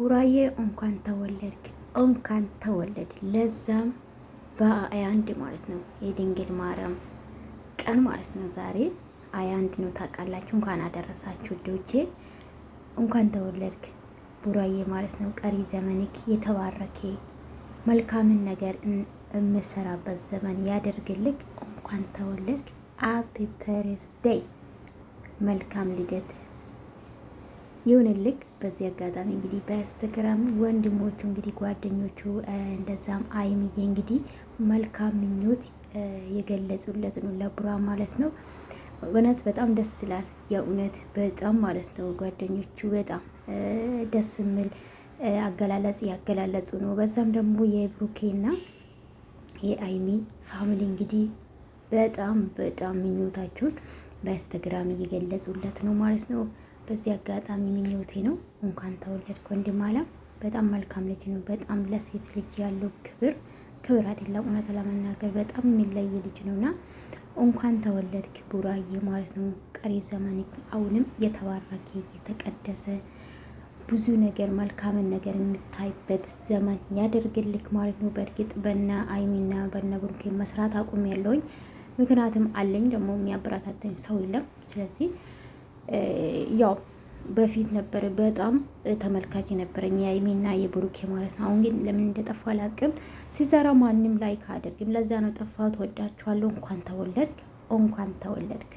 ቡራዬ እንኳን ተወለድክ እንኳን ተወለድ። ለዛም በአያንድ ማለት ነው የድንግል ማርያም ቀን ማለት ነው ዛሬ አያንድ ነው ታውቃላችሁ። እንኳን አደረሳችሁ ዶቼ እንኳን ተወለድክ ቡራዬ ማለት ነው። ቀሪ ዘመንክ የተባረኬ መልካምን ነገር የምሰራበት ዘመን ያደርግልክ። እንኳን ተወለድክ። አፒ ፐርስደይ መልካም ልደት ይሁንልክ። በዚህ አጋጣሚ እንግዲህ በስተግራም ወንድሞቹ እንግዲህ ጓደኞቹ እንደዛም አይምዬ እንግዲህ መልካም ምኞት የገለጹለት ነው ለቡራ ማለት ነው። እውነት በጣም ደስ ይላል። የእውነት በጣም ማለት ነው ጓደኞቹ በጣም ደስ የሚል አገላለጽ ያገላለጹ ነው። በዛም ደግሞ የብሩኬና የአይሚ ፋሚሊ እንግዲህ በጣም በጣም ምኞታቸውን በኢንስታግራም እየገለጹለት ነው ማለት ነው። በዚህ አጋጣሚ ምኞቴ ነው። እንኳን ተወለድክ ወንድም አለም። በጣም መልካም ልጅ ነው። በጣም ለሴት ልጅ ያለው ክብር ክብር አይደለም፣ እውነት ለመናገር በጣም የሚለይ ልጅ ነው እና እንኳን ተወለድክ ቡራዬ ማለት ነው። ቀሪ ዘመን አሁንም የተባረከ የተቀደሰ ብዙ ነገር መልካምን ነገር የምታይበት ዘመን ያደርግልክ ማለት ነው። በእርግጥ በነ አይሚና በነ ብሩኬ መስራት አቁም ያለውኝ ምክንያቱም አለኝ ደግሞ የሚያበረታተኝ ሰው የለም። ስለዚህ ያው በፊት ነበረ በጣም ተመልካች የነበረኝ የሀይሚና የብሩኬ ማለት ነው። አሁን ግን ለምን እንደጠፋ አላቅም። ሲዘራ ማንም ላይክ አያደርግም። ለዛ ነው ጠፋት። ወዳችኋለሁ። እንኳን ተወለድክ እንኳን ተወለድክ።